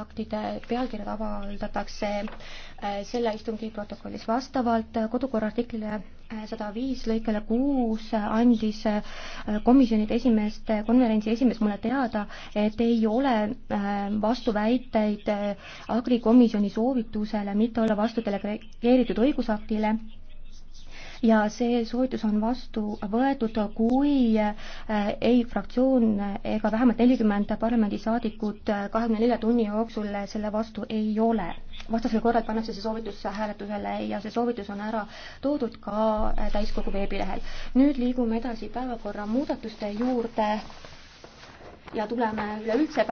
aktide pealkirjad avaldatakse äh, selle istungi protokollis vastavalt äh, kodukorra artiklile äh, sada viis lõikele kuus andis komisjonide esimeeste konverentsi esimees mulle teada, et ei ole vastuväiteid agrikomisjoni soovitusele mitte olla vastu delegeeritud õigusaktile ja see soovitus on vastu võetud, kui äh, ei fraktsioon ega vähemalt nelikümmend parlamendisaadikut äh, kahekümne nelja tunni jooksul selle vastu ei ole. vastasel korral pannakse see soovitus hääletusele ja see soovitus on ära toodud ka äh, täiskogu veebilehel. nüüd liigume edasi päevakorra muudatuste juurde ja tuleme üleüldse